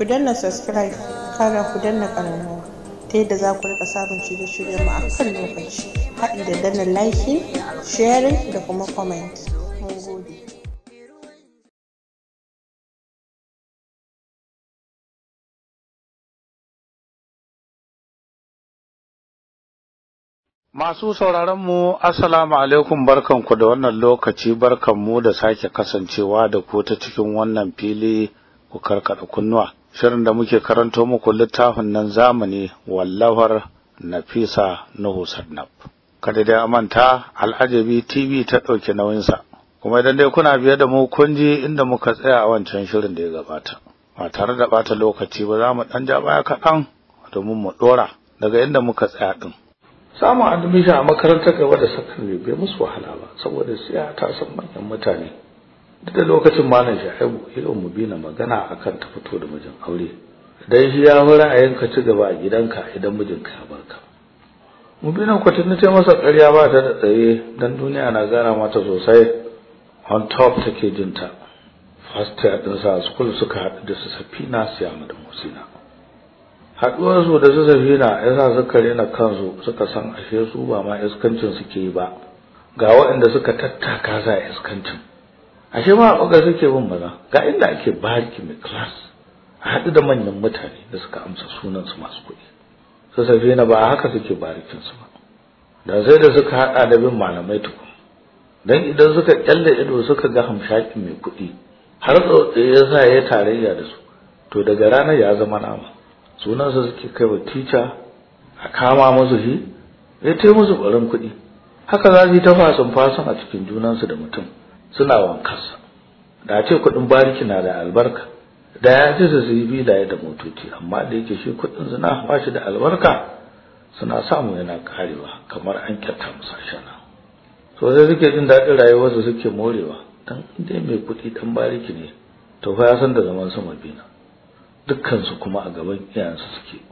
ku danna subscribe kara ku danna ƙararrawa ta yadda za ku rika samun shirye shiryen mu a kan lokaci haɗi da danna like sharing da kuma comment mun gode Masu sauraronmu, Assalamu alaikum barkanku da wannan lokaci barkanmu da sake kasancewa da ku ta cikin wannan fili ku karkada kunnuwa. shirin da muke karanto muku littafin nan zamani wallafar Nafisa Nuhu Sadnab kada dai manta Al'ajabi TV ta ɗauki nauyinsa kuma idan dai kuna biye da mu kun ji inda muka tsaya a wancan shirin da ya gabata ba tare da ɓata lokaci ba za mu ɗan ja baya kaɗan domin mu ɗora daga inda muka tsaya ɗin samun admission a makarantar gaba da sakandare bai musu wahala ba saboda siya ta san manyan mutane da lokacin malam sha'ibu mu bina magana akan ta fito da mijin aure dan shi ya hura a yanka ci gaba a gidanka idan mijinka ya barka mubina kwatanni ta masa ƙarya ba ta da tsaye dan duniya na gana mata sosai on top take jinta first year din sa school suka haɗu da su safina su yamu da musina haɗuwar su da su safina yasa suka rena kansu suka san ashe su ba ma iskancin suke yi ba ga waɗanda suka tattaka a iskancin ashe ma ga suke bin maza ga inda ake bariki mai class haɗu da manyan mutane da suka amsa sunan su masu kuɗi su safi na ba haka suke barikin su ba da sai da suka haɗa da bin malamai tuku dan idan suka kyalle ido suka ga hamshaki mai kuɗi har tsautsaye ya sa ya tarayya da su to daga ranar ya zama nama sunansa suke kai wa tica a kama musu shi ya taimaka musu kuɗi haka za su yi ta fasin fasin a cikin junansu da mutum suna wankarsa da ce kudin bariki na da albarka da ya ji su yi bilaye da motoci amma da yake shi kudin zina ba shi da albarka suna samu yana karewa kamar an kyata musa shana so sai suke jin daɗin rayuwar su suke morewa dan dai mai kuɗi dan bariki ne to fa ya san da zaman su mabina dukkansu kuma a gaban iyayensu suke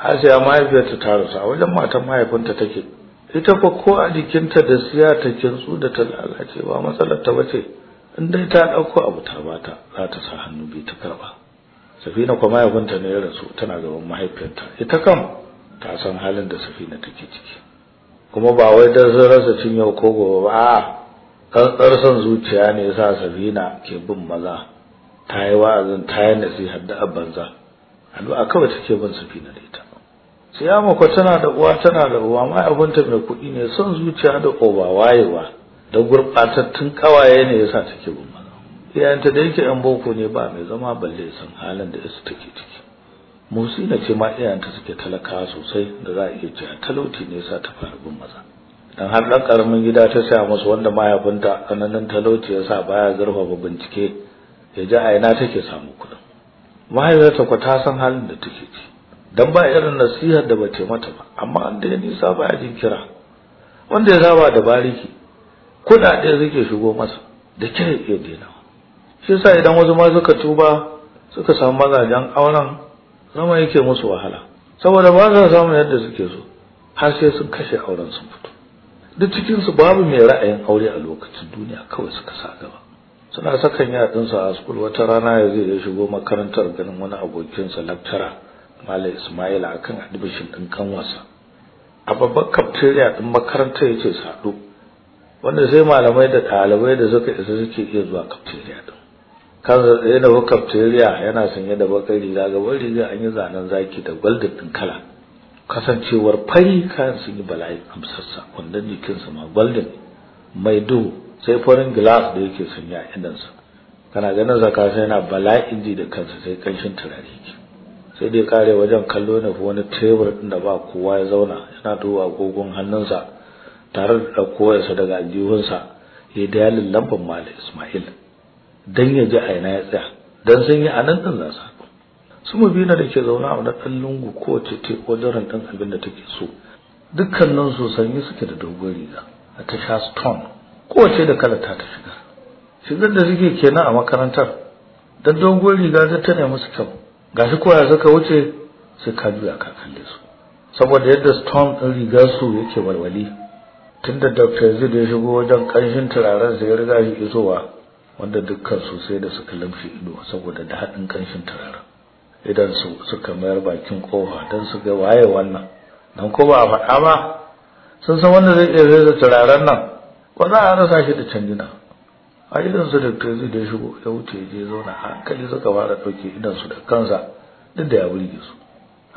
Asiya mahaifiyarta ta rasu a wajen matan mahaifinta take ita ko ko a jikinta da siya ta kinsu da ta lalace ba matsalar ta bace in dai ta dauko abu ta bata za ta sa hannu bi ta karba safina kuma mahaifinta ne ya rasu tana gaban mahaifiyarta ita kam ta san halin da safina take ciki kuma ba wai da zan rasa cin yau ko gobe ba a tsantsar san zuciya ne yasa safina ke bin maza ta yi wa'azin ta yi nasihar da abanza a kawai take bin safina da ita siyama ko tana da uwa tana da uwa mai abunta mai kuɗi ne son zuciya da oba wayewa da gurɓatattun ƙawaye ne yasa take bin maza iyayenta da yake yan boko ne ba mai zama balle san halin da su take ciki musina ce ma iyayenta suke talakawa sosai da za a iya cewa talauci ne yasa ta fara bin maza dan har dan karamin gida ta saya musu wanda mahaifinta kananan talauci yasa baya zurfa ba bincike ya ji a ina take samu kuɗin mahaifiyarta ko ta san halin da take ciki dan ba irin nasihar da bace mata ba amma an da nisa ba ya jin kira wanda ya saba da bariki kuɗaɗe suke shigo masa da kira ke dena shi yasa idan wasu ma suka tuba suka samu mazajen auren zama yake musu wahala saboda ba sa samun yadda suke so har sai sun kashe auren sun fito duk cikin su babu mai ra'ayin aure a lokacin duniya kawai suka sa gaba suna sakan yadinsu a school wata rana ya zai ya shigo makarantar ganin wani abokinsa lecturer Malam Ismail akan admission ɗin kanwarsa a babban cafeteria din makarantar ce saɗo, wanda sai malamai da ɗalibai da suka isa suke iya zuwa cafeteria ɗin. kansa tsaye da kaftiriya yana sanye da bakar riga gaban riga an yi zanen zaki da gwaldin ɗin kala kasancewar fari kayan sun yi bala'i amsassa wannan jikinsa ma gwalda mai duhu sai farin gilas da yake sanya a idansa kana ganin zaka sai yana bala'in ji da kansa sai ƙanshin turare sai dai kare wajen kallo na wani tebur din da ba kowa ya zauna yana duba agogon hannunsa tare da ɗauko daga aljihunsa ya yalin lambar Malam Ismail dan ya ji a ina ya tsaya dan sun yi nan din za su biyu na da ke zauna a wani ɗan lungu kowace ko wajen ɗan abin da take so dukkanin su sanyi suke da dogon riga a ta sha stone kowace da kala ta ta shiga shigar da suke kenan a makarantar don dogon riga zai ta nemi su kyau Ga shi koya suka wuce sai ka juya ka kalle su saboda yadda storm din rigar su yake walwali tunda dr zid ya shigo wajen ƙanshin turaren sai riga shi isowa wanda dukkan su sai da suka lamshe ido saboda da haɗin ƙanshin turaren idan su suka mayar bakin kofa don su ga waye wannan don ko ba a faɗa ba sun san wanda zai iya zai turaren nan ko za a rasa shi da canjina a su da kai da shigo ya wuce je zauna hankali suka fara dauke idan su da kansa duk da ya burge su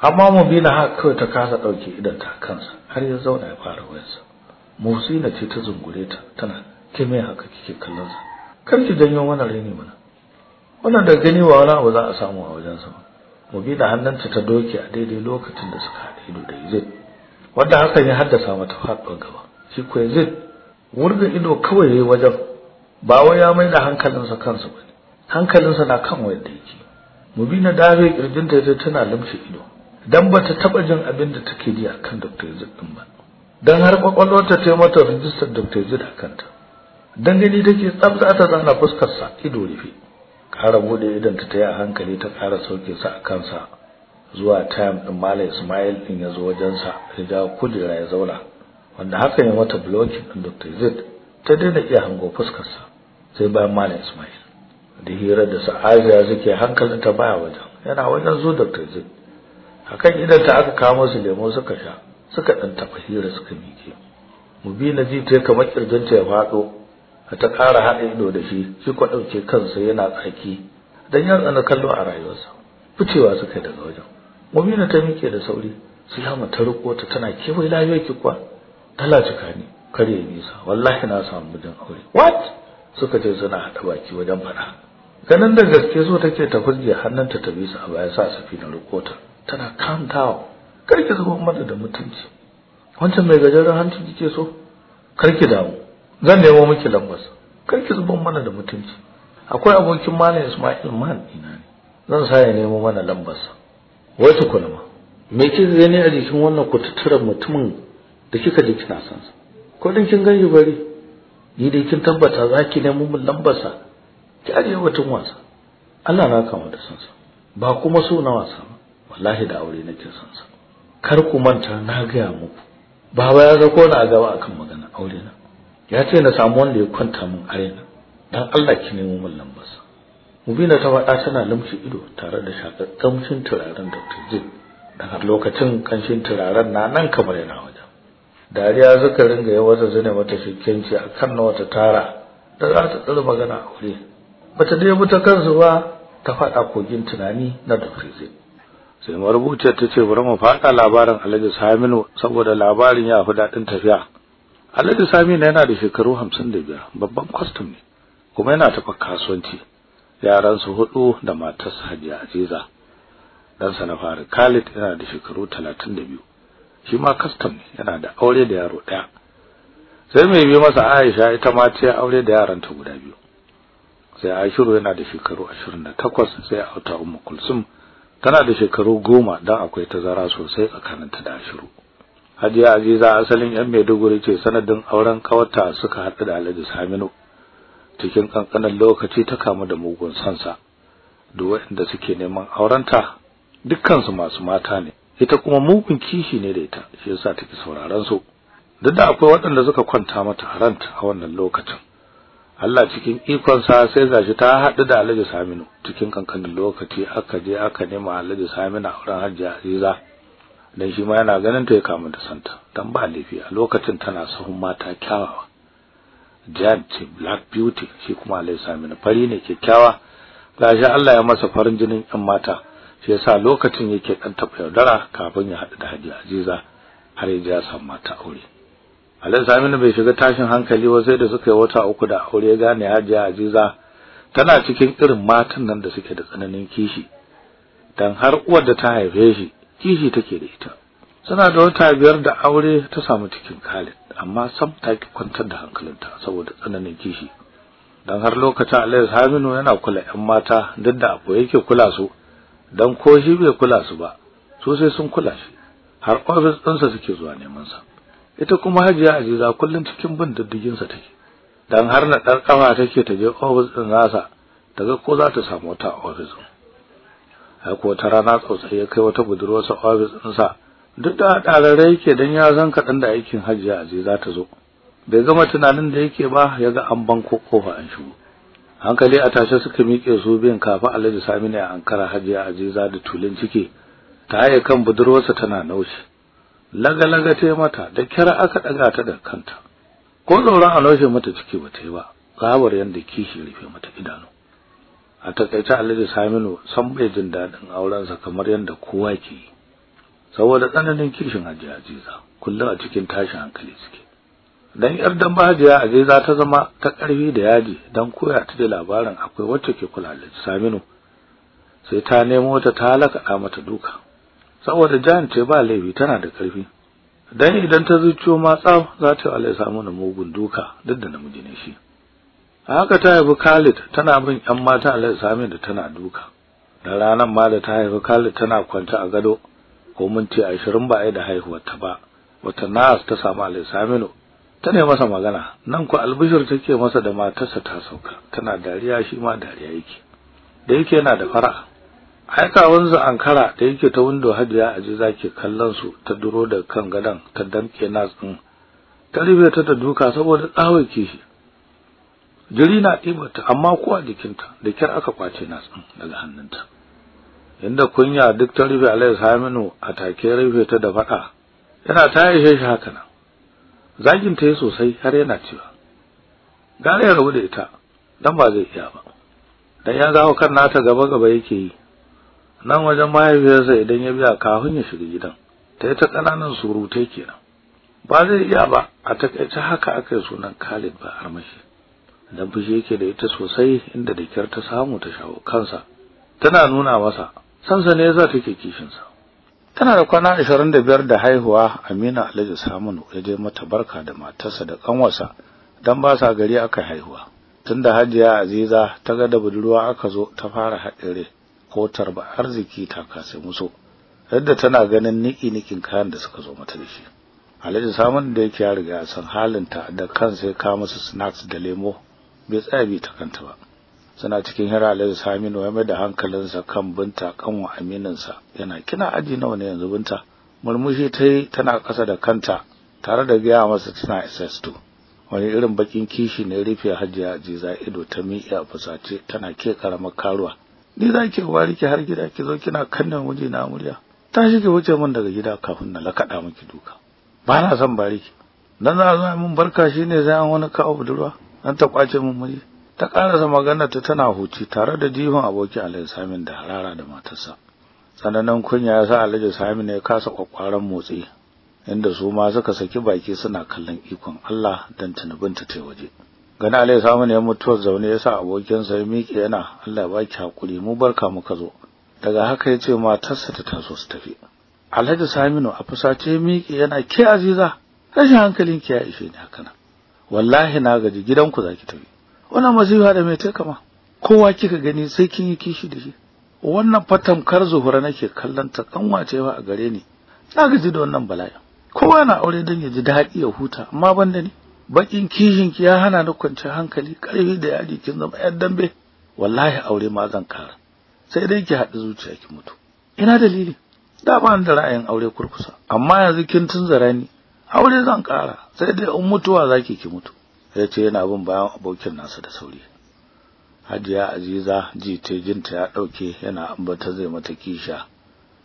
amma mu bi na haka kawai ta kasa dauke idan ta kansa har ya zauna ya fara wayarsa Musina ce ta zungure ta tana ke mai haka kike kallon sa kar ki janyo mana raini mana wannan da gani wa wani abu za a samu a wajen sa mu bi da hannunta ta doke a daidai lokacin da suka haɗe ido da Yazid wanda hakan ya haddasa mata faɗuwar gaba shi ko Yazid wurga ido kawai yayi wajen ba wai ya mai da hankalinsa kansa ba hankalinsa na kan da yake mubina dare kirjinta ta tana lamshe ido dan bata taba jin abin da take ji akan Dr. Yazid din ba dan har kwakwalwarta ta mata rijistar Dr. Yazid a kanta. dan gani take tsabta ta zana fuskarsa sa ido rufe kara bude idan ta yi a hankali ta kara sauke sa a kansa zuwa time ɗin Malam Ismail din ya zo wajen sa ya ga kudura ya zauna wanda haka ya mata blocking din Dr. Yazid ta daina iya hango fuskarsa. sai bayan malam Ismail da hirar da sa'aziya suke hankalin ta baya wajen yana wajen zo da kaje hakan idan ta aka kawo su lemo suka sha suka dan taɓa hira suka mike mubina ji ta kamar kirjinta ya faɗo. a ta ƙara haɗa ido da shi shi ko ɗauke kansa yana tsaki dan ya tsana kallo a rayuwarsa ficewa suka daga wajen mubina ta mike da sauri Sulama ta riko ta tana kewaye lafiya ki kwa talaci kani kare nisa wallahi na samu mijin aure what suka je suna haɗa baki wajen fada ganin da gaske so take ta furge hannunta ta bi su a bayan sa na rukota tana kantawa kar ki mata da mutunci wancan mai gajeren hanci kike so karki ki damu zan nemo miki lambas kar ki zuba mana da mutunci akwai abokin malam Ismail Man ina ne zan sa ya nemo mana lambarsa wai su kulma me kike gani a jikin wannan kututturan mutumin da kika je kina san sa ko din kin gani bari ni dai kin tabbata za ki nemo mun lambasa, ki ajiye watan wasa Allah na kama da sansa ba kuma so na wasa ba wallahi da aure nake sansa kar ku manta na gaya muku baba ya zako na gaba akan magana aure na ya ce na samu wanda ya kwanta min arena dan Allah ki nemo mun lambasa. Mubina ta faɗa tana lumshi ido tare da shakar kamshin turaren Dr. Jin daga lokacin kanshin turaren na nan kamar yana waje dariya suka ringa yi wata zane mata shukenci a kan na wata tara da za ta tsara magana a wuri bata dai mutu kansu ba ta faɗa kogin tunani na frizi sai marubuciyar ta ce bari mu faɗa labarin alhaji saminu saboda labarin ya fi daɗin tafiya alhaji saminu yana da shekaru hamsin da biyar babban kwastom ne kuma yana taɓa kasuwanci yaransu hudu da matarsa hajiya aziza ɗansa na fari khalid yana da shekaru talatin da biyu shi ma custom yana da aure da yaro ɗaya sai mai bi masa Aisha ita ma ce aure da yaranta guda biyu sai Ashiru yana da shekaru takwas, sai a Auta Ummu Kulsum tana da shekaru goma, dan akwai tazara sosai tsakaninta da Ashiru Hajiya Aziza asalin yan Maiduguri ce sanadin auren kawarta suka haɗu da Alhaji Saminu cikin kankanin lokaci ta kamu da mugun sansa duk waɗanda suke neman aurenta dukkan masu mata ne ita kuma mugun kishi ne da ita shi yasa take sauraron su duk da akwai waɗanda suka kwanta mata haranta a wannan lokacin Allah cikin ikon sa sai gashi ta haɗu da Alhaji Saminu cikin kankanin lokaci aka je aka nemi Alhaji Saminu a wurin Hajji Aziza dan shi ma yana ganin ta ya kamun da santa dan ba laifi a lokacin tana sahun mata kyawawa Jan Black Beauty shi kuma Alhaji Saminu fari ne kyakkyawa gashi Allah ya masa farin jinin 'yan mata shi yasa lokacin yake dan taɓa yaudara kafin ya hadu da Hajiya Aziza har ya ja ya samu mata aure Alhaji Saminu bai shiga tashin hankali ba sai da suka yi wata uku da aure ya gane Hajiya Aziza tana cikin irin matan nan da suke da tsananin kishi dan har uwar da ta haife shi kishi take da ita suna da wata biyar da aure ta samu cikin Khalid amma sam ta ki kwantar da hankalinta saboda tsananin kishi dan har lokacin Alhaji Saminu yana kula ƴan mata duk da abu yake kula su dan ko shi bai kula su ba su sai sun kula shi har ofis ɗinsa suke zuwa neman sa ita kuma Hajiya Aziza kullum cikin bin diddigin sa take dan har na dan kafa take ta je ofis ɗin nasa daga ko za ta samu wata ofis ai ko ta rana tsautsai ya kai wata budurwarsa ofis ɗin sa duk da ɗararre yake dan ya san kaɗan da aikin Hajiya Aziza ta zo bai gama tunanin da yake ba ya ga an banko kofa an shigo hankali a tashe suka miƙe su biyan kafa alhaji saminu a ankara hajiya aziza da tulin ciki ta haye kan budurwarsa tana naushi laga-laga ta yi mata da kyar aka ɗaga ta da kanta ko tsoron a naushe mata ciki ba ta yi ba tsabar yadda kishi rufe mata idanu a takaice alhaji saminu san bai jin daɗin aurensa kamar yadda kowa ke yi saboda tsananin kishin hajiya aziza kullum a cikin tashin hankali suke dan yar dan bajiya a za ta zama ta karfi da yaji dan koya ta da labarin akwai wacce ke kula da Saminu sai ta nemo ta ta halaka mata duka saboda jan ce ba laifi tana da karfi dan idan ta zuciyo ma tsaf za ta Allah samu mugun duka duk da namiji ne shi haka ta haifi Khalid tana bin ƴan mata Allah samu da tana duka da ranan ma da ta haifi Khalid tana kwanta a gado ko minti 20 ba ai da haihuwar ta ba wata nas ta samu Allah Saminu ta ne masa magana nan ku albishir take masa da matarsa ta sauka tana dariya shi ma dariya yake da yake yana da fara aikawansa ankara da yake ta window hadiya aje zake kallon su ta duro da kan gadan ta danke nas tsin ta rufe ta ta duka saboda tsawon shi. jiri na ta amma ko a jikinta da kyar aka kwace nas tsin daga hannunta inda kunya duk ta rufe alayhi saminu a take rufe ta da faɗa yana ta shi haka nan zagin ta yi sosai har yana cewa gare ya rabu da ita dan ba zai iya ba dan ya zawo kan nata gaba gaba yake yi nan wajen mahaifiyarsa idan ya biya kafin ya shiga gidan ta yi ta ƙananan surutai kenan ba zai iya ba a takaice haka aka yi sunan Khalid ba armashi dan fushi yake da ita sosai inda da kyar ta samu ta shawo kansa tana nuna masa sansa ne yasa take kishinsa tana da kwana ashirin da biyar da haihuwa Amina Alhaji samun ya je mata barka da matarsa da kanwarsa don ba sa gari aka haihuwa tunda Hajiya Aziza ta ga da budurwa aka zo ta fara haɗere ko tarba arziki ta kasa muso yadda tana ganin niki nikin kayan da suka zo mata da shi Alhaji Saminu da yake ya riga san halinta da kansa ya kawo musu snacks da lemo bai tsaya bi ta kanta ba suna cikin hira saminu ya mai da hankalinsa kan binta kan amininsa yana kina aji nawa ne yanzu binta murmushi ta yi tana kasa da kanta tare da gaya masa tana ss2 wani irin bakin kishi ne rufe hajiya za ido ta miƙe a fusace tana ke karama karuwa ni za ki wari ki har gida ki zo kina kannan waje na murya ta shige wuce mun daga gida kafin na lakaɗa miki duka ba na son bariki dan za a zo min barka shine za an wani kawo budurwa dan ta kwace mun miji ta karasa maganarta ta tana huci tare da jihun aboki Alhaji Samin da harara da matarsa sananan kunya ya sa Alhaji Samin ya kasa kwakwaran motsi inda su ma suka saki baki suna kallon ikon Allah dan tunubinta ta waje gani Alhaji Samin ya mutuwar zaune ya sa abokinsa ya miƙe yana Allah ya baki hakuri mu barka muka zo daga haka ya ce matarsa ta taso su tafi Alhaji Saminu a fusace miƙe yana ke Aziza rashin hankalinki ya ishe ni haka wallahi na gaji gidanku zaki tafi wannan masifa da mai kama kowa kika gani sai kin yi kishi da shi wannan fatan kar zuhura nake kallon ta kanwace ba a gare ni na gaji da wannan bala'i kowa na aure don ya ji daɗi ya huta amma ban da ni bakin kishin ki ya hana ni kwanciyar hankali karfi da yadi kin zama yar dambe wallahi aure ma zan kara sai dai ki haɗu zuciya ki mutu ina dalili da ba da ra'ayin aure kurkusa amma yanzu kin tunzara ni aure zan kara sai dai in mutuwa zaki ki mutu ya ce yana bin bayan abokin nasa da sauri hajiya aziza ji ta jinta ya ɗauke yana ambata zai mata kisha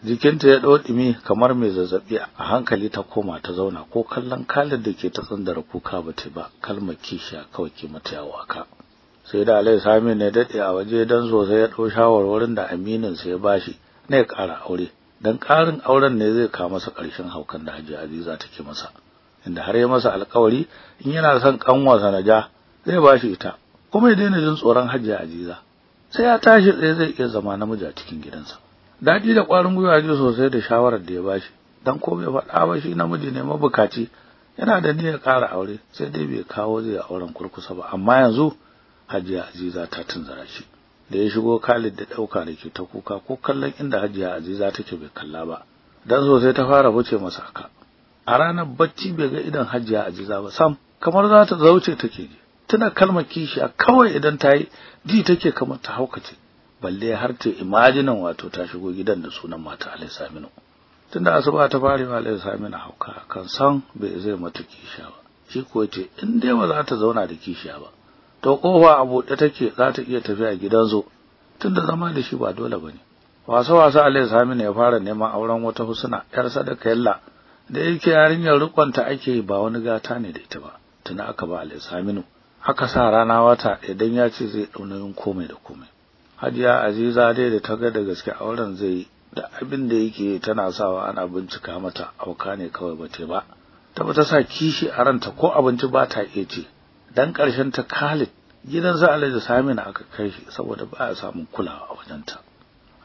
jikinta ya ɗau kamar mai zazzabi a hankali ta koma ta zauna ko kallon kalin da ke ta tsandara kuka ba ta ba kalmar kisha kawai ke mata yawa ka sai da alai sami ne dade a waje don sosai ya ɗau shawarwarin da aminin sai ya bashi ne ya ƙara aure don ƙarin auren ne zai kawo masa karshen haukan da hajiya aziza take masa inda har ya masa alƙawari in yana son kanwa sanaja zai ba shi ita kuma ya daina jin tsoron hajiya Aziza sai ya tashi tsaye zai iya zama namiji a cikin gidansa daɗi da ƙwarin gwiwa ji sosai da shawarar da ya ba shi dan ko bai faɗa ba shi namiji ne mabukaci yana da niyyar ƙara aure sai dai bai kawo zai auren kurkusa ba amma yanzu hajiya aziza ta tunzara shi da ya shigo Khalid da ɗauka da ke ta kuka ko kallon inda hajiya aziza take bai kalla ba dan sosai ta fara wuce masa haka a ranar bacci bai ga idan hajiya ajiza ba sam kamar za ta zauce take ji tana kalmar kishiya kawai idan ta yi ji take kamar ta haukace balle har ta imajinan wato ta shigo gidan da sunan mata alai saminu tunda asuba ta fare wa alai saminu hauka kan san bai zai mata kishiya ba shi kuwa ce in dai ba za ta zauna da kishiya ba to kofa a buɗe take za ta iya tafiya gidan zo tunda zama da shi ba dole ba ne. wasa wasa alai saminu ya fara neman auren wata husna yar sadaka yalla da yake yarinyar rukunta ake ba wani gata ne da ita ba tana aka ba Saminu. Haka sa rana wata idan ya ce zai dauna yin komai da komai Hajiya Aziza dai da ta ga da gaske auren zai yi da abin da yake tana sawa ana bincika mata auka ne kawai ba te ba ta ta sa kishi a ranta ko abinci ba ta iya ce dan karshen ta Khalid gidan sa Alhaji Saminu aka kai shi saboda ba a samun kulawa a wajenta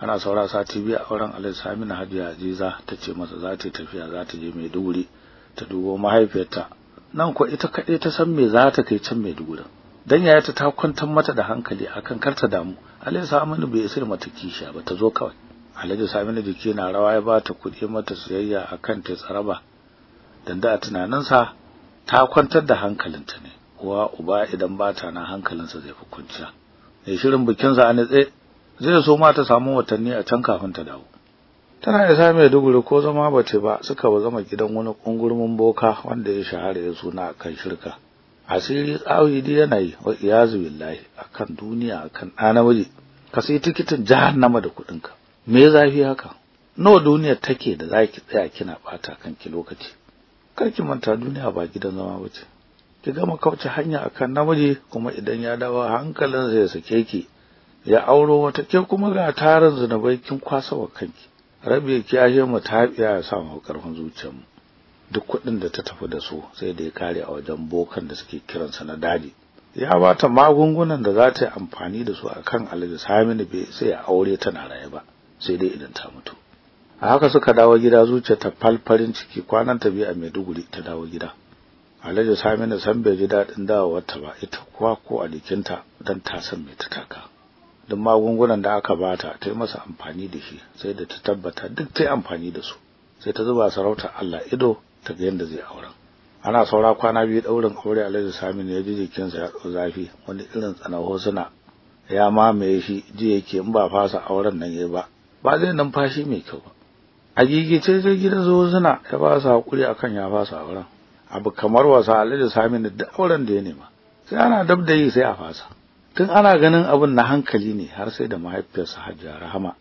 ana saura sati biyu a auren Alhaji Saminu Hajiya Aziza ta ce masa za ta tafiya za ta je Maiduguri ta dubo mahaifiyarta nan ko ita kaɗai ta san me za ta kai can Maiduguri dan yaya ta ta kwantar mata da hankali akan karta damu Alhaji Saminu bai isar mata kisha ba ta zo kawai Alhaji Saminu jiki na rawa ya ba ta kuɗi mata siyayya akan ta tsaraba dan da tunaninsa ta kwantar da hankalinta ne uwa uba idan ba ta na hankalinsa zai fi kwanciya. Mai shirin bikin za a zai so ma ta samu watanni a can kafin ta dawo tana isa mai duguri ko zama ba ba suka ba zama gidan wani kungurmin boka wanda ya shahara ya suna kan shirka asiri tsawidi yana yi wa iyazu billahi akan duniya akan ɗa namiji ka sai tikitin nama da kuɗinka me zafi haka nawa duniyar take da zaki tsaya kina bata kanki lokaci Kar ki manta duniya ba gidan zama bace ki gama kauce hanya akan namiji kuma idan ya dawo hankalin zai sake ki ya auro wata ke kuma ga tarin zinabai kin kwasa wa kanki rabe ki ashe mu ta biya ya mu karfin zuciyar mu duk kuɗin da ta tafi da su sai da ya kare a wajen bokan da suke kiransa na dadi ya bata magungunan da za ta yi amfani da su akan Alhaji Saminu bai sai ya aure tana raye ba sai dai idan ta mutu a haka suka dawo gida zuciya ta falfarin ciki kwanan ta biyu a Maiduguri ta dawo gida Alhaji Saminu san bai ji dadin wata ba ita kuwa ko a jikinta dan ta san me ta taka duk magungunan da aka bata ta yi masa amfani da shi sai da ta tabbata duk ta yi amfani da su sai ta zuba sarautar Allah ido ta ga yadda zai auren ana saura kwana biyu daurin aure Alhaji Saminu, ya ji jikinsa ya tsau zafi wani irin tsanaho suna ya mamaye shi ji yake in ba fasa auren nan yayi ba ba zai numfashi mai kyau ba a ce zai gidan zo suna ya ba su hakuri akan ya fasa auren abu kamar wasa a sami Saminu duk auren da ya nema sai ana dab da yi sai a fasa tun ana ganin abin na hankali ne har sai da mahaifiyarsa Hajiya Rahama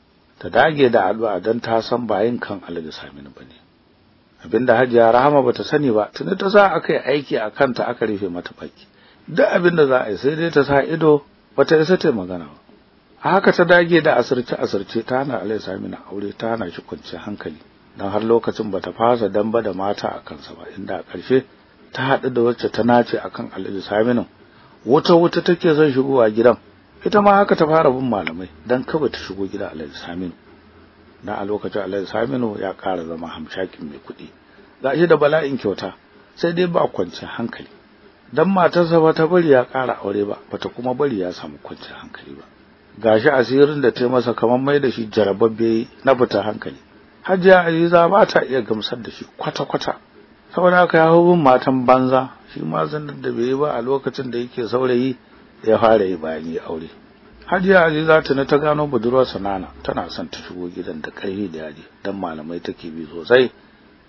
ta dage da addu'a don ta san ba yin kan Alhaji Saminu bane abinda Hajiya Rahama ba ta sani ba tuni ta sa aka yi aiki a kanta aka rufe mata baki duk abin da za a yi sai dai ta sa ido bata isa ta magana ba A haka ta dage da asirce asirce ta hana Alhaji Saminu aure ta hana shi kwanciyar hankali dan har lokacin bata fasa damba da mata a kansa ba inda a ƙarshe ta haɗu da wacce ta nace akan Alhaji Saminu wata wata take son shigowa gidan ita ma haka ta fara bin malamai dan kawai ta shigo gida Alhaji Saminu dan a lokacin Alhaji Saminu ya kara zama hamshakin mai kuɗi gashi da bala'in kyauta sai dai ba kwanciyar hankali dan matarsa ba ta bari ya kara aure ba bata kuma bari ya samu kwanciyar hankali ba gashi asirin da ta masa kamar mai da shi jarababbe na fita hankali Hajiya Aziza ba ta iya gamsar da shi kwata-kwata saboda haka ya hubun matan banza shi ma da bai yi ba a lokacin da yake saurayi ya fara yi bayan ya aure hajiya aziza tana ta gano budurwar sanana tana son ta shigo gidan da karfi da yaji dan malamai take bi sosai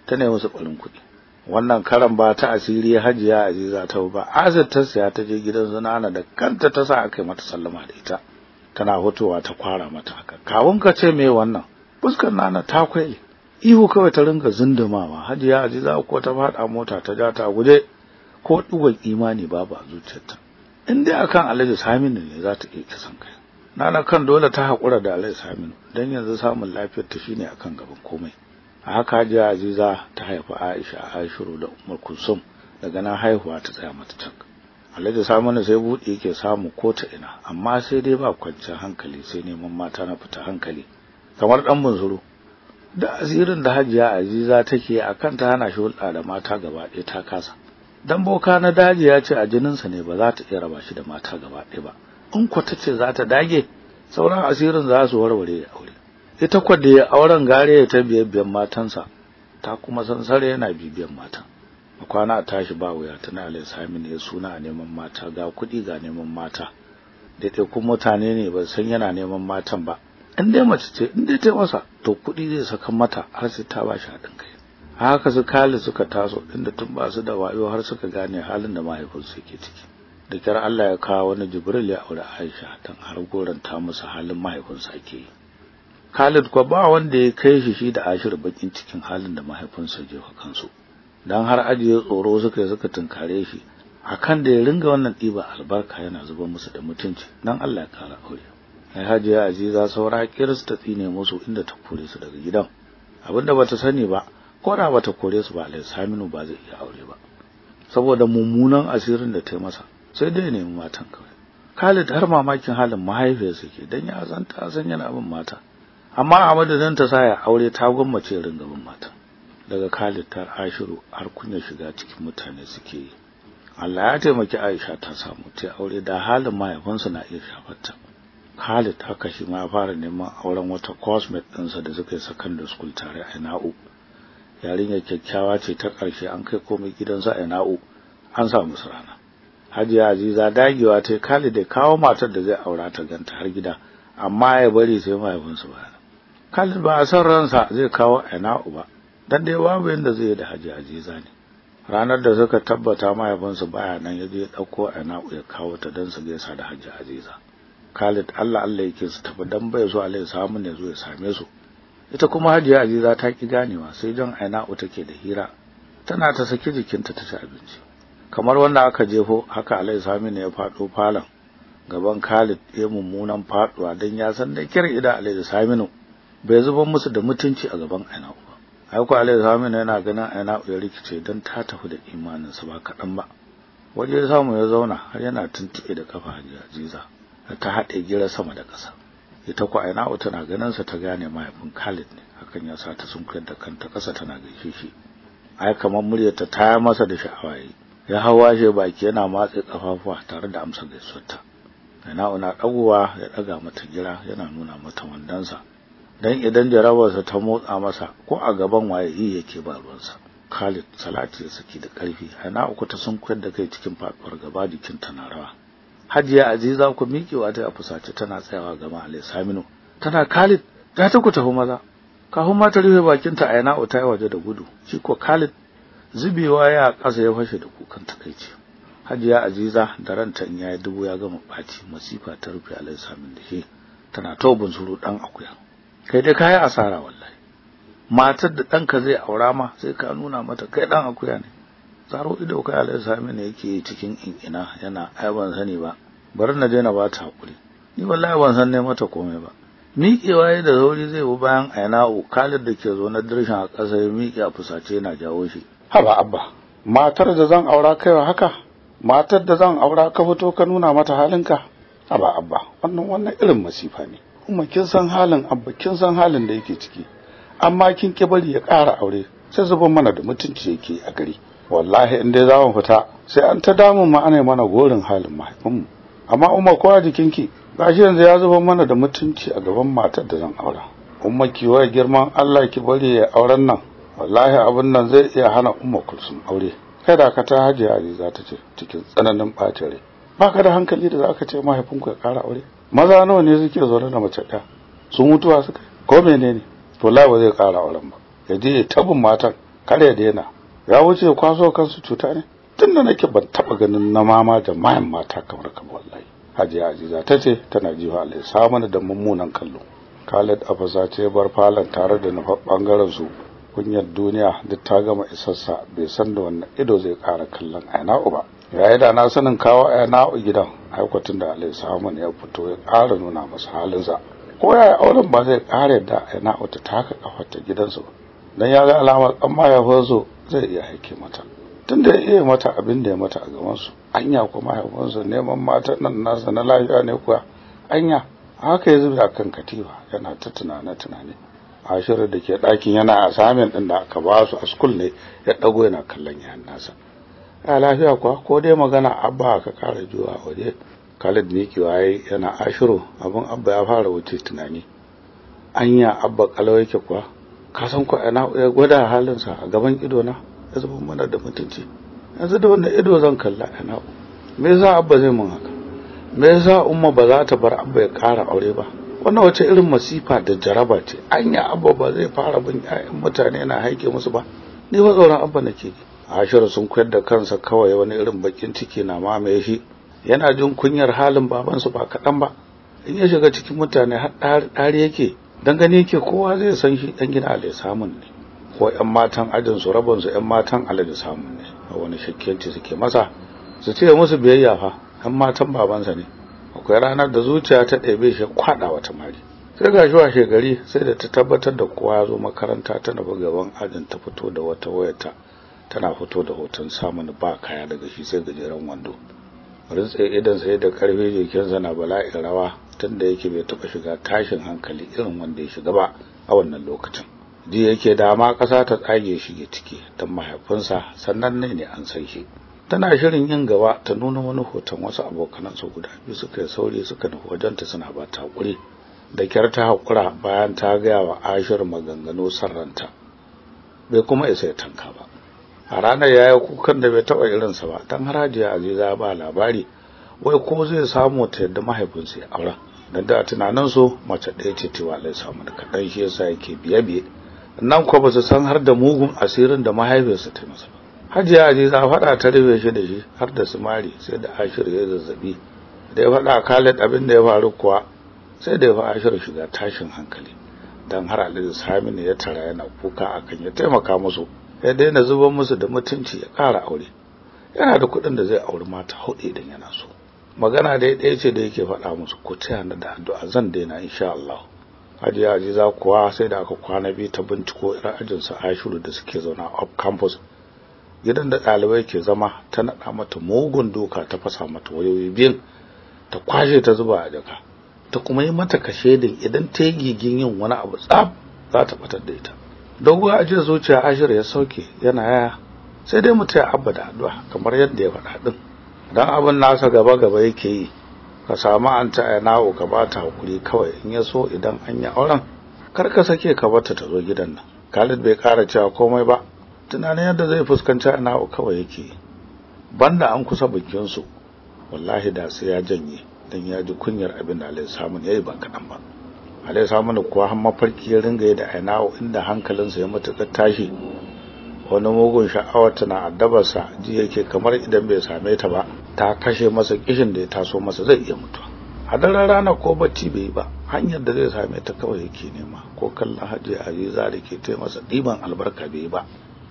ta nemi su barin kuɗi wannan karan ba ta asiri hajiya aziza ta ba azar ta siya ta je gidan sanana da kanta ta sa aka yi mata sallama da ita tana hutuwa ta kwara mata haka kawun ka ce me wannan fuskar nana ta kwaye ihu kawai ta ringa zundumawa hajiya aziza ko ta faɗa mota ta ja ta guje ko ɗuwan imani babu a zuciyarta in dai akan Alhaji Saminu ne za ta iya kisan kai nana kan dole ta hakura da Alhaji Saminu dan yanzu samun lafiyar ta shine akan gaban komai a haka Hajiya Aziza ta haifa Aisha Aishiru da Umar Kulsum daga nan haihuwa ta tsaya mata tak Alhaji Saminu sai buɗe yake samu ko ta ina amma sai dai ba kwanciyar hankali sai neman mata na fita hankali kamar dan bunzuru da asirin da Hajiya Aziza take akan ta hana shi hulɗa da mata gaba ɗaya ta kasa dan boka na daji ya ce a jininsa ne ba za ta iya raba shi da mata gaba ɗaya ba in kwata ta ce za ta dage sauran asirin za su warware ya aure ita kwa da ya auren gare ta biyabbiyan matansa ta kuma sare yana bibiyan matan a kwana a tashi ba wuya tana lissamin ya suna a neman mata ga kuɗi ga neman mata da ta kuma mutane ne ba san yana neman matan ba in dai mace ce in dai ta masa to kuɗi zai saka mata har sai ta ba shi haɗin kai haka su kali suka taso inda tun ba su da wayo har suka gane halin da mahaifinsu yake ciki da kyar Allah ya kawo wani Jibril ya aure Aisha tan har goranta musu halin mahaifinsa ake yi Khalid kuwa ba wanda ya kai shi shi da Ashir bakin cikin halin da mahaifinsa jefa kansu dan har ajiye tsoro suka suka tunkare shi akan da ya ringa wannan ɗiban, albarka yana zuba musu da mutunci dan Allah ya kara aure ai hajiya aziza saura ta tsine musu inda ta kore su daga gidan abinda bata sani ba Kora bata kore su ba Alhaji Saminu ba zai iya aure ba saboda mummunan asirin da ta yi masa sai dai nemi matan kawai Khalid har mamakin halin mahaifiyarsa ke dan ya san ta san yana bin mata amma Ahmadu dan ta saya aure ta gwammace ringa bin mata daga Khalid tar Ashiru har kunya shiga cikin mutane suke Allah ya taimaki Aisha ta samu ta aure da halin mahaifinsa na iya shafarta Khalid haka shi ma fara neman auren wata cosmet ɗinsa da suka yi secondary school tare a Na'u yarinya kyakkyawa ce ta ƙarshe an kai komai gidan gidansa a na'u an sa musu rana hajiya aziza dagewa ta kali da kawo matar da zai aura ta ganta har gida amma ya bari sai mahaifinsu ba Khalid ba a san ransa zai kawo na'u ba dan dai babu yanda zai yi da Haji Aziza ne ranar da suka tabbata mahaifinsu baya nan ya je a na'u ya kawo ta don su gaisa da Haji Aziza Khalid Allah Allah yake su tafi dan bai so Allah ya samu ne zo ya same su ita kuma hajiya aziza ta ki ganewa sai don aina'u take da hira tana ta saki jikinta ta ci abinci kamar wanda aka jefo haka alai saminu ya faɗo falon gaban khalid ya mummunan faɗuwa don ya san da kira ida alai saminu bai zuba musu da mutunci a gaban aina'u ba aiko alai saminu yana ganin aina'u ya rikice don ta tafi da imaninsa ba kaɗan ba waje samu ya zauna har yana tuntuɓe da kafa hajiya aziza ta haɗe gira sama da ƙasa ita ku aina'u tana ganinsa ta gane mahaifin khalid ne hakan ya sa ta sunkuyar da kanta ƙasa tana gaishe shi ai kamar muryarta ta masa da sha'awaye ya hawa shi baki yana matse kafafuwa tare da amsa gaisuwarta aina'u na ɗagowa ya ɗaga mata jira, yana nuna mata wandonsa dan idan jarabarsa ta motsa masa ko a gaban waye yi yake ba ruwansa Khalid Salati ya saki da ƙarfi Aina'u uku ta sunkuyar da kai cikin faɗuwar gaba jikin ta na rawa hajiya aziza ku mikewa ta fusace tana tsayawa gama alai saminu tana Khalid ta ta ku tafi maza kafin ma ta rufe bakinta a yana o tai waje da gudu shi ko Khalid zubewa ya ƙasa ya fashe da kukan takaici hajiya aziza da ranta in yi dubu ya gama bati masifa ta rufe alai saminu da ke tana taubin suru dan akuya kai dai kai asara wallahi matar da danka zai aura ma sai ka nuna mata kai dan akuya ne zaro ido kai ya sami ne yake cikin ina yana ai ban sani ba bari na je na ba ta hakuri ni wallahi ban san ne mata komai ba miƙewa ya da zauri zai bi bayan a aina Khalid da ke zo na dirshin a ƙasa ya miƙe a fusace yana jawo shi haba abba matar da zan aura kaiwa haka matar da zan aura ka fito ka nuna mata halinka haba abba wannan wannan irin masifa ne kuma kin san halin abba kin san halin da yake ciki amma kin ki bari ya ƙara aure sai zuban mana da mutunci yake a gari wallahi in dai za mu fita sai an ta damun ma ana mana gorin halin mahaifinmu amma umma ko a jikinki gashi yanzu ya zuba mana da mutunci a gaban matar da zan aura umma ki girman Allah ki bari ya auren nan wallahi abin nan zai iya hana umma kulsum aure kada ka ta hajiya Aziza ta ce cikin tsananin bacin rai baka da hankali da zaka ce mahaifinku ya ƙara aure maza nawa ne suke zaune da mace ɗaya sun mutuwa suka ko menene to lawa ba zai kara auren ba ya je tabin matan kare daina ya wuce kwaso kansu cuta ne tun da nake ban taba ganin na mama da mayan mata kamar ka wallahi hajiya aziza ta ce tana jiwa sa mana da mummunan kallo khalid afasa ce bar falon tare da nufar bangaren su kunyar duniya duk ta gama isarsa bai san da wannan ido zai kara kallon aina'u ba yi da na sanin kawo U gidan aikwatun da alai samun ya fito ya kara nuna masa halinsa ko ya auren ba zai kare da U ta taka kafa ta gidansu ba dan ya ga alamar ya mahaifinsu zai iya haike mata Tunda ya iya mata abin da ya mata a gaban su, anya ya mahaifinsu neman matan nan nasa na lafiya ne kuwa anya haka ya zubi a kan katifa yana ta tunane tunane ashirar da ke ɗakin yana a samin ɗin da aka ba su a school ne ya ɗago yana kallon yayan nasa a lafiya kuwa ko dai magana abba ka ƙara juwa waje khalid ne waye yana ashiru abin abba ya fara wuce tunani anya abba kalau yake kuwa ka san ko ana ya gwada halinsa a gaban ido na ya zama mana da mutunci yanzu da wannan ido zan kalla ana me yasa abba zai mun haka me yasa umma ba za ta bar abba ya kara aure ba wannan wace irin masifa da jaraba ce anya abba ba zai fara bin ƴaƴan mutane na haike musu ba ni fa tsoron abba nake ji Ashiru sun koyar da kansa kawai wani irin bakin ciki na mamaye shi yana jin kunyar halin babansu ba kaɗan ba in ya shiga cikin mutane har ɗari yake dan gani yake kowa zai san shi dan gida ya Samun ne ko ƴan matan ajin su rabon su ƴan matan da Samun ne a wani shakkenci suke masa su ce musu biyayya fa ƴan matan babansa ne akwai ranar da zuciya ta ɗebe shi kwada wata mari sai ga shi washe gari sai da ta tabbatar da kowa ya zo makaranta tana gaban ajin ta fito da wata wayarta tana fito da hoton samun ba kaya daga shi sai gajeren wando rintsaye idan sai da karfe jikinsa na bala'in rawa tunda yake bai taɓa shiga tashin hankali irin wanda ya shiga ba a wannan lokacin ji yake dama ƙasa ta tsage shi ciki don mahaifinsa sannan ne ne an san shi tana shirin yin gaba ta nuna wani hoton wasu abokanansa guda biyu suka yi sauri suka nufi wajenta suna ba ta hakuri da kyar ta hakura bayan ta gaya wa ashir maganganu sarranta bai kuma isa ya tanka ba a ranar ya kukan da bai taɓa irinsa ba don harajiya aziza ba labari wai ko zai samu ta yadda mahaifinsa ya aura dan da tunanin su mace ɗaya ce ta walai samu da kaɗan shi yasa yake biye biye nan ko ba su san har da mugun asirin da mahaifinsa ta masa ba hajiya za faɗa ta rufe shi da shi har da su mari sai da ashir ya zazzabi da ya faɗa Khalid abin da ya faru kuwa sai da ya fa ashir shiga tashin hankali dan har sami Saminu ya tara yana kuka akan ya taimaka musu ya daina zuban musu da mutunci ya ƙara aure yana da kuɗin da zai auri mata hudu idan yana so magana dai ɗaya ce da yake faɗa musu ku taya hannu da addu'a zan daina insha Allah hajiya za kuwa sai da aka kwana biyu ta binciko irin ajin su Ashiru da suke zauna a campus gidan da ɗalibai ke zama ta naɗa mata mugun doka ta fasa mata wayoyi biyun, ta kwashe ta zuba a jaka ta kuma yi mata kashe din idan ta yi gigin yin wani abu tsaf za ta fitar da ita dogon ajin zuciya Ashiru ya sauke yana yaya sai dai mu ya abba da addu'a kamar yadda ya faɗa din dan abin nasa gaba gaba yake yi ka samu an ta ainawo ka bata hakuri kawai in ya so idan an yi auren kar ka sake ka bata ta zo gidan nan Khalid bai kara cewa komai ba tunanin yadda zai fuskanci ayana kawai yake banda an kusa bikin su wallahi da sai ya janye dan ya ji kunyar abin da Alai Samun yayi ba kadan ba Alai Samun kuwa har mafarki ya ringa da ayana inda hankalinsa ya matuƙar tashi wani mugun sha'awar tana addabarsa ji yake kamar idan bai same ta ba ta kashe masa kishin da ya taso masa zai iya mutuwa hadarar rana ko bacci bai yi ba hanyar da zai same ta kawai yake nema ko kallon hajiya aziza da ke taya masa ɗiban albarka bai ba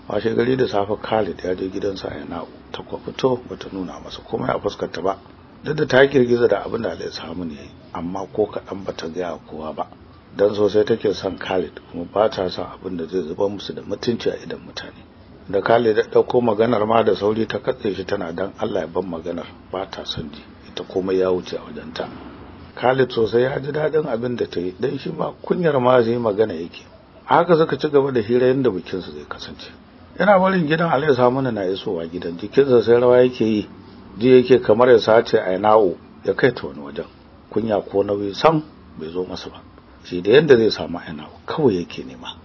washe gari da safe Khalid ya je gidansa a Yana'u ta kwa fito bata nuna masa komai a fuskar ba duk da ta girgiza da abin da zai ya samu ne amma ko kaɗan ba ta gaya kowa ba dan sosai take son Khalid kuma ba ta son abin da zai zuba musu da mutunci a idan mutane da kale da ɗauko maganar ma da sauri ta katse shi tana dan Allah ya ban maganar ba ta son ji ita komai ya wuce a wajenta Khalid sosai ya ji daɗin abin da ta yi dan shi ba kunyar ma zai magana yake haka suka ci gaba da hira yadda bikin su zai kasance Ina barin gidan ya Samuna na isowa gidan jikin sa sai rawa yake yi ji yake kamar ya sace ainawo ya kai ta wani wajen kunya ko nauyi san bai zo masa ba shi da yadda zai samu ainawo kawai yake nema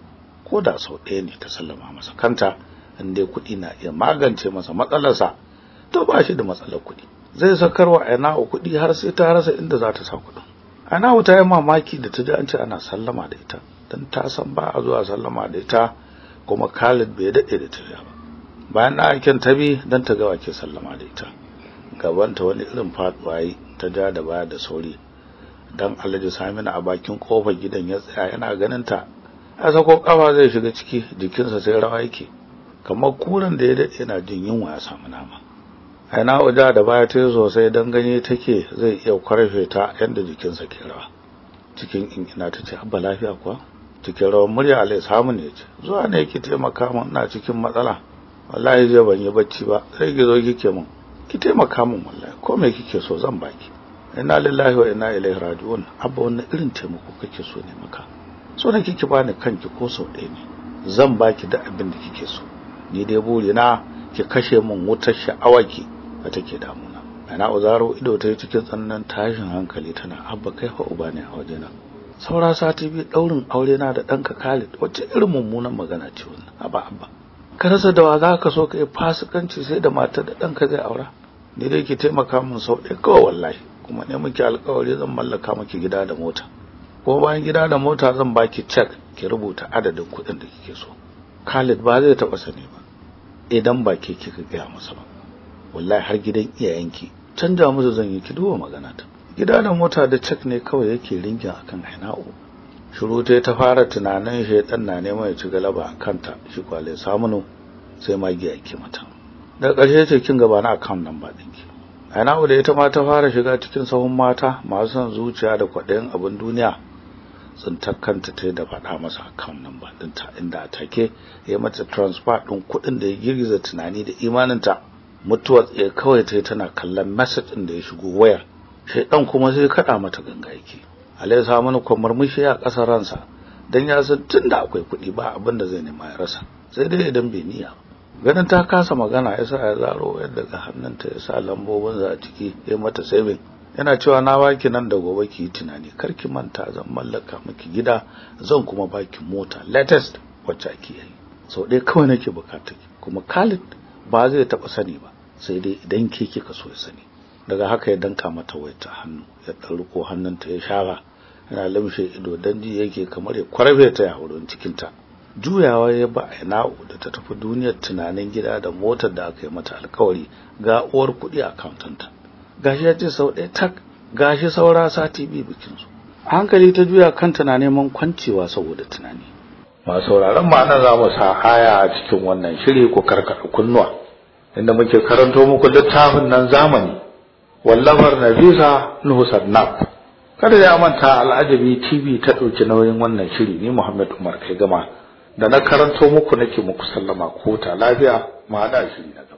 ko da sau ɗaya ne ta sallama masa kanta in dai kuɗi na iya magance masa matsalarsa to ba shi da matsalar kuɗi zai sakarwa Aina'u kuɗi har sai ta rasa inda za ta sa kuɗin Aina'u ta yi mamaki da ta ji an ce ana sallama da ita don ta san ba a zuwa sallama da ita kuma Khalid bai daɗe da tafiya ba bayan na aikin bi don ta ga wake sallama da ita gabanta wani irin faɗuwa yi ta ja da baya da sauri dan Alhaji Saminu a bakin kofar gidan ya tsaya yana ganin ta a sako kafa zai shiga ciki jikinsa sai rawa yake kamar kuran da ya daɗe na jin yunwa ya samu nama aina uja da baya ta sosai don ganye take zai iya kwarfe ta yadda jikinsa ke rawa cikin ingina ta ce abba lafiya kuwa cikin rawar murya alai samu ne ce zuwa ne ki taimaka min ina cikin matsala wallahi zai ban yi bacci ba sai ki zo kike min ki taimaka min wallahi ko me kike so zan baki inna lillahi wa inna ilaihi raji'un abba wannan irin taimako kake so ne maka so ne kike bani kanki ko sau ɗaya ne zan baki da abin da kike so ni dai burina ki kashe min wutar sha'awarki da take damuna ana uzaro ido ta cikin tsannan tashin hankali tana abba kai fa uba ne a wajena saura sati biyu daurin aure na da danka Khalid wacce irin mummunan magana ce wannan abba abba ka rasa da wa za ka so ka yi fasikanci sai da matar da danka zai aura ni dai ki taimaka min sau ɗaya kawai wallahi kuma ne miki alƙawari zan mallaka miki gida da mota ko bayan gida da mota zan baki cek ki rubuta adadin kuɗin da kike so Khalid ba zai taɓa sani ba idan ba ke kika gaya masa ba wallahi har gidan iyayenki canja musu zan yi ki duba magana ta gida da mota da cek ne kawai yake ringin akan Haina'u shiru ta ta fara tunanin shaitan na neman ya ci galaba a kanta shi kwale samuno sai magiya ke mata daga ƙarshe ce kin gaba na account number ɗinki Haina'u da ita ma ta fara shiga cikin sahun mata masu son zuciya da kwaɗayin abin duniya sun ta ta da faɗa masa account number ɗinta inda a take ya mata transfer din kuɗin da ya girgiza tunani da imanin ta mutuwar tsaye kawai ta tana kallon message ɗin da ya shigo wayar shaidan kuma sai kaɗa mata ganga yake Alai ya mana kwamar mushi a ƙasar ransa dan ya san tunda akwai kuɗi ba abin da zai nema ya rasa sai dai idan bai niya. ganin ta kasa magana ya sa ya zaro yadda ga hannunta ya sa lambobin za a ciki ya mata saving yana cewa na baki nan da gobe ki tunani kar ki manta zan mallaka miki gida zan kuma baki mota latest wacce ake yi sau ɗaya kawai nake bukata kuma Khalid ba zai taɓa sani ba sai dai idan ke kika so ya sani daga haka ya danka mata wayarta hannu ya dan riko hannunta ya shara yana lamshe ido dan ji yake kamar ya kwarbe ta ya cikin ta juyawa ya ba ina da ta tafi duniyar tunanin gida da motar da aka yi mata alkawari ga uwar kuɗi a gashi ya ce sau ɗaya tak gashi saura sati biyu bikin su hankali ta juya kanta na neman kwancewa saboda tunani masu sauraron ma nan za mu sa haya a cikin wannan shiri ko karkata kunnuwa inda muke karanto muku littafin nan zamani wallafar na visa Nuhu Sannab kada ya manta al'ajabi TV ta ɗauki nauyin wannan shiri ni Muhammad Umar kai gama da na karanto muku nake muku sallama ko ta lafiya ma shiri na